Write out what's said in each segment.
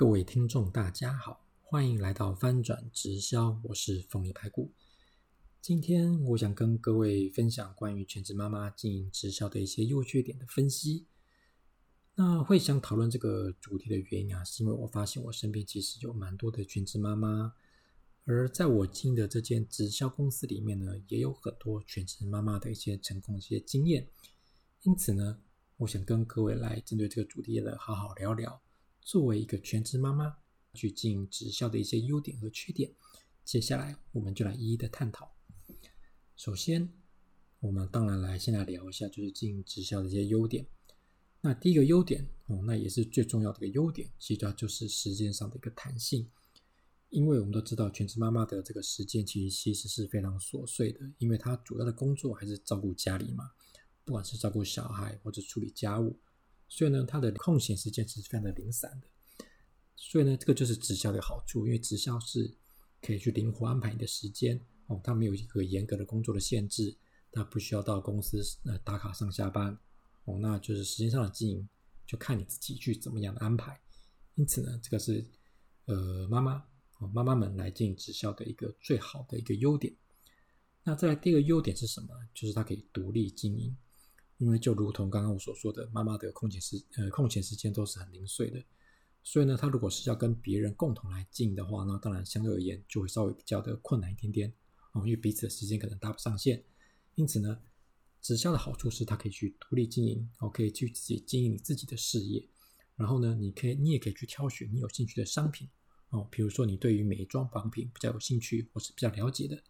各位聽眾，大家好，歡迎來到翻轉直銷，我是鳳梨排骨。今天我想跟各位分享關於全職媽媽經營直銷的一些優缺點的分析。那會想討論這個主題的原因啊，是因為我發現我身邊其實有蠻多的全職媽媽，而在我經營的這間直銷公司裡面呢，也有很多全職媽媽的一些成功的一些經驗。因此呢，我想跟各位來針對這個主題的好好聊聊。作為一個全職媽媽去經營直銷的一些優點和缺點，接下來我們就來一一的探討。首先，我們當然來先來聊一下，就是經營直銷的一些優點。那第一個優點哦，那也是最重要的一個優點，其實它就是時間上的一個彈性。因為我們都知道，全職媽媽的這個時間其實其實是非常瑣碎的，因為她主要的工作還是照顧家裡嘛，不管是照顧小孩或者處理家務。所以呢，他的空閒時間是非常的零散的。所以呢，這個就是直銷的好處，因為直銷是可以去靈活安排你的時間哦，它沒有一個嚴格的工作的限制，它不需要到公司呃打卡上下班哦，那就是時間上的經營就看你自己去怎麼樣的安排。因此呢，這個是呃媽媽哦媽媽們來進行直銷的一個最好的一個優點。那再來第二個優點是什麼？就是它可以獨立經營。因為就如同剛剛我所說的，媽媽的空閒時呃空閒時間都是很零碎的，所以呢，他如果是要跟別人共同來經營的話，那當然相對而言就會稍微比較的困難一點點，哦，因為彼此的時間可能搭不上線。因此呢，直銷的好處是它可以去獨立經營，我，哦，可以去自己經營你自己的事業，然後呢，你可以你也可以去挑選你有興趣的商品，哦，比如說你對於美妝仿品比較有興趣或是比較了解的，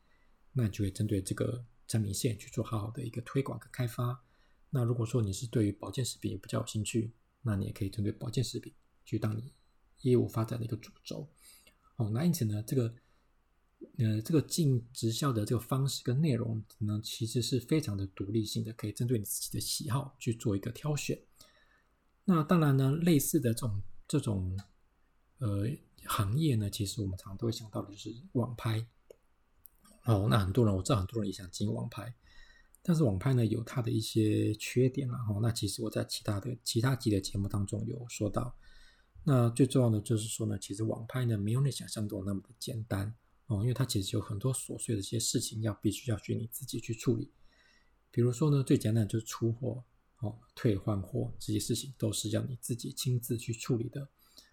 那你就會針對這個產品線去做好好的一個推廣跟開發。那如果說你是對於保健食品比較有興趣，那你也可以針對保健食品去當你業務發展的一個主軸。哦，那因此呢，這個呃，這個進直銷的這個方式跟內容呢，其實是非常的獨立性的，可以針對你自己的喜好去做一個挑選。那當然呢，類似的這種這種呃行業呢，其實我們常常都會想到的就是網拍。哦，那很多人我知道，很多人也想進網拍。但是網拍呢，有它的一些缺點，啊，然、哦、後那其實我在其他的其他集的節目當中有說到。那最重要的就是說呢，其實網拍呢沒有你想象中那麼的簡單哦，因為它其實有很多瑣碎的一些事情要必須要去你自己去處理。比如說呢，最簡單就是出貨哦、退換貨這些事情都是要你自己親自去處理的。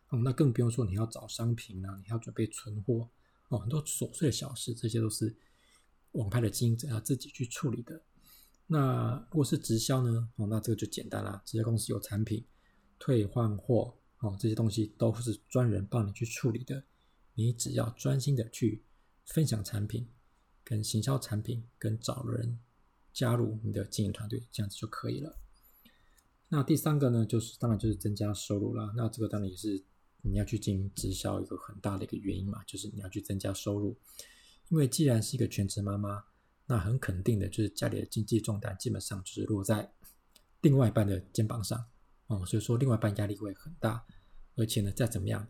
哦，那更不用說你要找商品，啊、你要準備存貨哦，很多瑣碎的小事，這些都是網拍的經營者要自己去處理的。那如果是直銷呢？哦，那這個就簡單啦。直銷公司有產品退換貨，哦，這些東西都是專人幫你去處理的。你只要專心的去分享產品、跟行銷產品、跟找人加入你的經營團隊，這樣子就可以了。那第三個呢，就是當然就是增加收入啦。那這個當然也是你要去經營直銷一個很大的一個原因嘛，就是你要去增加收入。因為既然是一個全職媽媽。那很肯定的，就是家裡的經濟重擔基本上就是落在另外一半的肩膀上，啊、嗯，所以說另外一半壓力會很大，而且呢，再怎麼樣，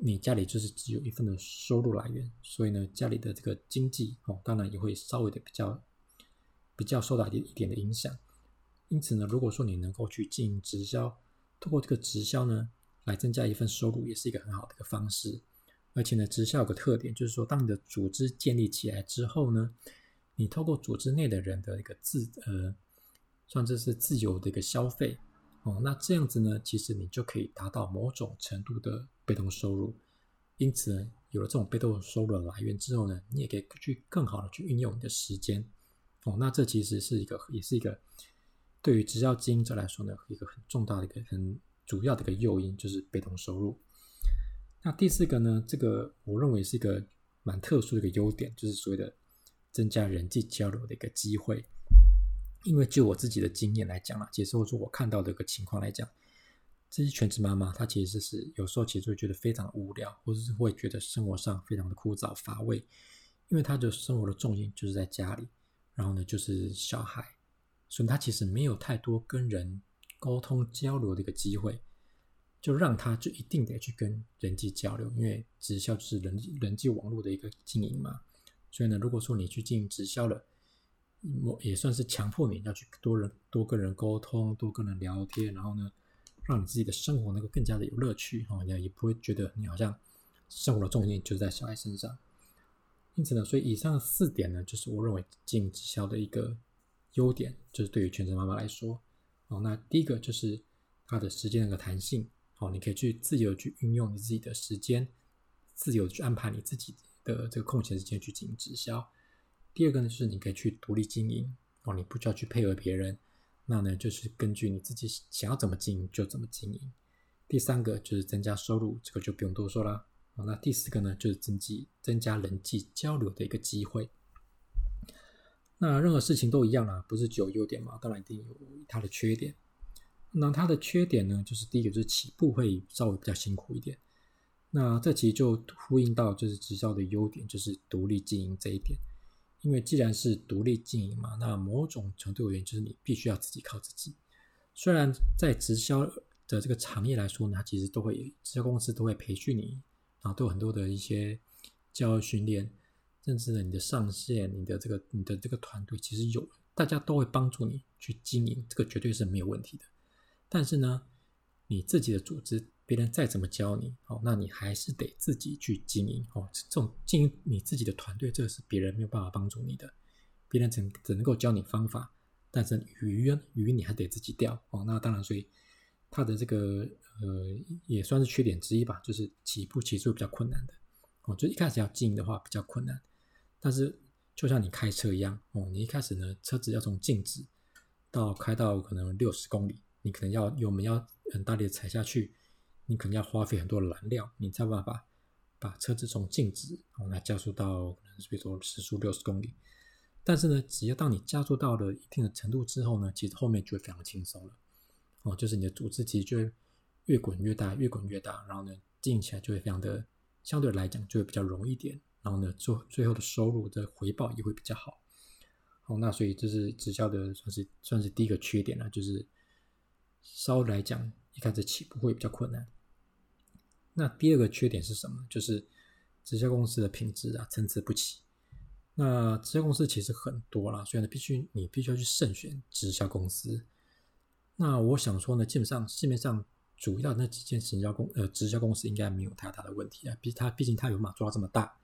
你家裡就是只有一份的收入來源，所以呢，家裡的這個經濟哦、嗯，當然也會稍微的比較比較受到一點一點的影響。因此呢，如果說你能夠去進行直銷，通過這個直銷呢，來增加一份收入，也是一個很好的一個方式。而且呢，直銷有個特點，就是說，當你的組織建立起來之後呢，你透過組織內的人的一個自，呃，算這是自由的一個消費哦，那這樣子呢，其實你就可以達到某種程度的被動收入。因此呢，有了這種被動收入的來源之後呢，你也可以去更好的去運用你的時間哦。那這其實是一個，也是一個對於直銷經營者來說呢，一個很重大的一個很主要的一個誘因，就是被動收入。那第四個呢，這個我認為是一個蠻特殊的一個優點，就是所謂的增加人際交流的一個機會。因為就我自己的經驗來講啊，或者說我看到的一個情況來講，這些全職媽媽她其實是有時候其實會覺得非常的無聊，或者是會覺得生活上非常的枯燥乏味，因為她的生活的重心就是在家裡，然後呢就是小孩，所以她其實沒有太多跟人溝通交流的一個機會。就讓他就一定得去跟人際交流，因為直銷就是人際人際網絡的一個經營嘛。所以呢，如果說你去進行直銷了，也也算是強迫你要去多人多跟人溝通，多跟人聊天，然後呢，讓你自己的生活能夠更加的有樂趣哈，然後，哦，也不會覺得你好像生活的重心就在小孩身上。因此呢，所以以上四點呢，就是我認為進直銷的一個優點，就是對於全職媽媽來說，哦，那第一個就是它的時間那個彈性。哦，你可以去自由去運用你自己的時間，自由去安排你自己的這個空閒時間去進行直銷。第二個呢是你可以去獨立經營，哦，你不需要去配合別人。那呢就是根據你自己想要怎麼經營就怎麼經營。第三個就是增加收入，這個就不用多說了。哦，那第四個呢就是增加增加人際交流的一個機會。那任何事情都一樣啦、啊，不是只有優點嘛，當然一定有它的缺點。那它的缺點呢，就是第一個就是起步會稍微比較辛苦一點。那這其實就呼應到就是直銷的優點，就是獨立經營這一點。因為既然是獨立經營嘛，那某種程度而言，就是你必須要自己靠自己。雖然在直銷的這個行業來說呢，其實都會直銷公司都會培訓你啊，然後都有很多的一些教育訓練，甚至呢你的上線、你的這個、你的這個團隊，其實有大家都會幫助你去經營，這個絕對是沒有問題的。但是呢，你自己的組織，別人再怎麼教你哦，那你還是得自己去經營哦。這種經營你自己的團隊，這個是別人沒有辦法幫助你的。別人只能只能夠教你方法，但是魚魚你還得自己釣哦。那當然，所以它的這個呃，也算是缺點之一吧，就是起步起步比較困難的哦。就一開始要經營的話比較困難。但是就像你開車一樣哦，你一開始呢，車子要從靜止到開到可能六十公里。你可能要，我們要很大力的踩下去，你可能要花費很多的燃料，你才有辦法把，把車子從靜止哦來、嗯、加速到，比如說時速六十公里。但是呢，只要當你加速到了一定的程度之後呢，其實後面就會非常輕鬆了，哦、嗯，就是你的組織就會越滾越大，越滾越大，然後呢，經營起來就會非常的相對來講就會比較容易一點，然後呢，做最後的收入的回報也會比較好。哦、嗯，那所以這是直銷的算是算是第一個缺點了，就是。稍微來講，一開始起步會比較困難。那第二個缺點是什麼？就是直銷公司的品質啊，參差不齊。那直銷公司其實很多了，所以呢，必須你必須要去慎選直銷公司。那我想說呢，基本上市面上主要那幾間行銷公呃直銷公司，應該沒有太大的問題啊。畢竟他畢竟它有馬做到這麼大，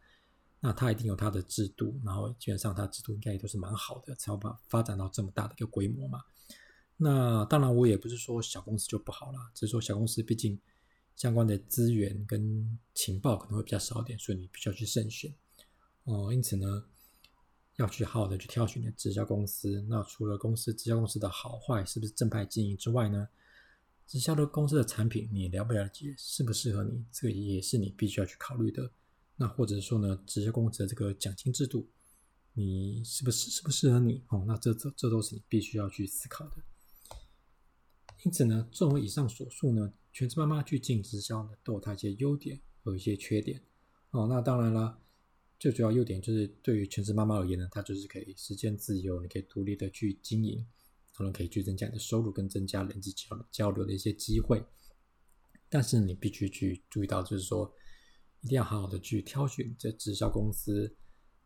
那他一定有他的制度，然後基本上他制度應該也都是蠻好的，才有辦法發展到這麼大的一個規模嘛。那當然，我也不是說小公司就不好啦，只是說小公司畢竟相關的資源跟情報可能會比較少一點，所以你必須要去慎選。哦、嗯，因此呢，要去好好的去挑選你的直銷公司。那除了公司直銷公司的好壞是不是正派經營之外呢，直銷的公司的產品你了不了解，適不適合你，這個也是你必須要去考慮的。那或者說呢，直銷公司的這個獎金制度，你是不是適不適合你？哦、嗯，那這這這都是你必須要去思考的。因此呢，作為以上所述呢，全職媽媽去進直銷呢，都有它一些優點，有一些缺點。哦，那當然啦，最主要優點就是對於全職媽媽而言呢，她就是可以時間自由，你可以獨立的去經營，可能可以去增加你的收入，跟增加人際交交流的一些機會。但是你必須去注意到，就是說，一定要好好的去挑選這直銷公司，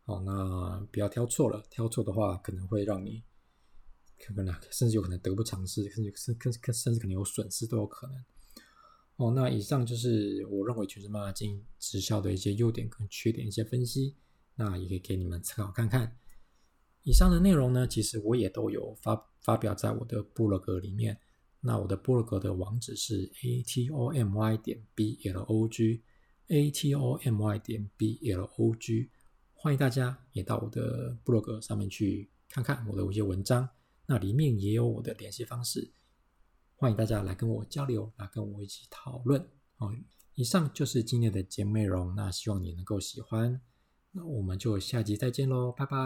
哦，那不要挑錯了，挑錯的話可能會讓你。看看甚至有可能得不償失，甚至甚至甚至可能有損失都有可能。哦，那以上就是我認為全職媽媽經營直銷的一些優點跟缺點一些分析，那也可以給你們參考看看。以上的內容呢，其實我也都有發發表在我的部落格裡面。那我的部落格的網址是 log, a t o m y 點 b l o g a t o m y 點 b l o g，歡迎大家也到我的部落格上面去看看我的一些文章。那裡面也有我的聯繫方式，歡迎大家來跟我交流，來跟我一起討論。好，嗯，以上就是今天的節目內容，那希望你能夠喜歡，那我們就下集再見嘍，拜拜。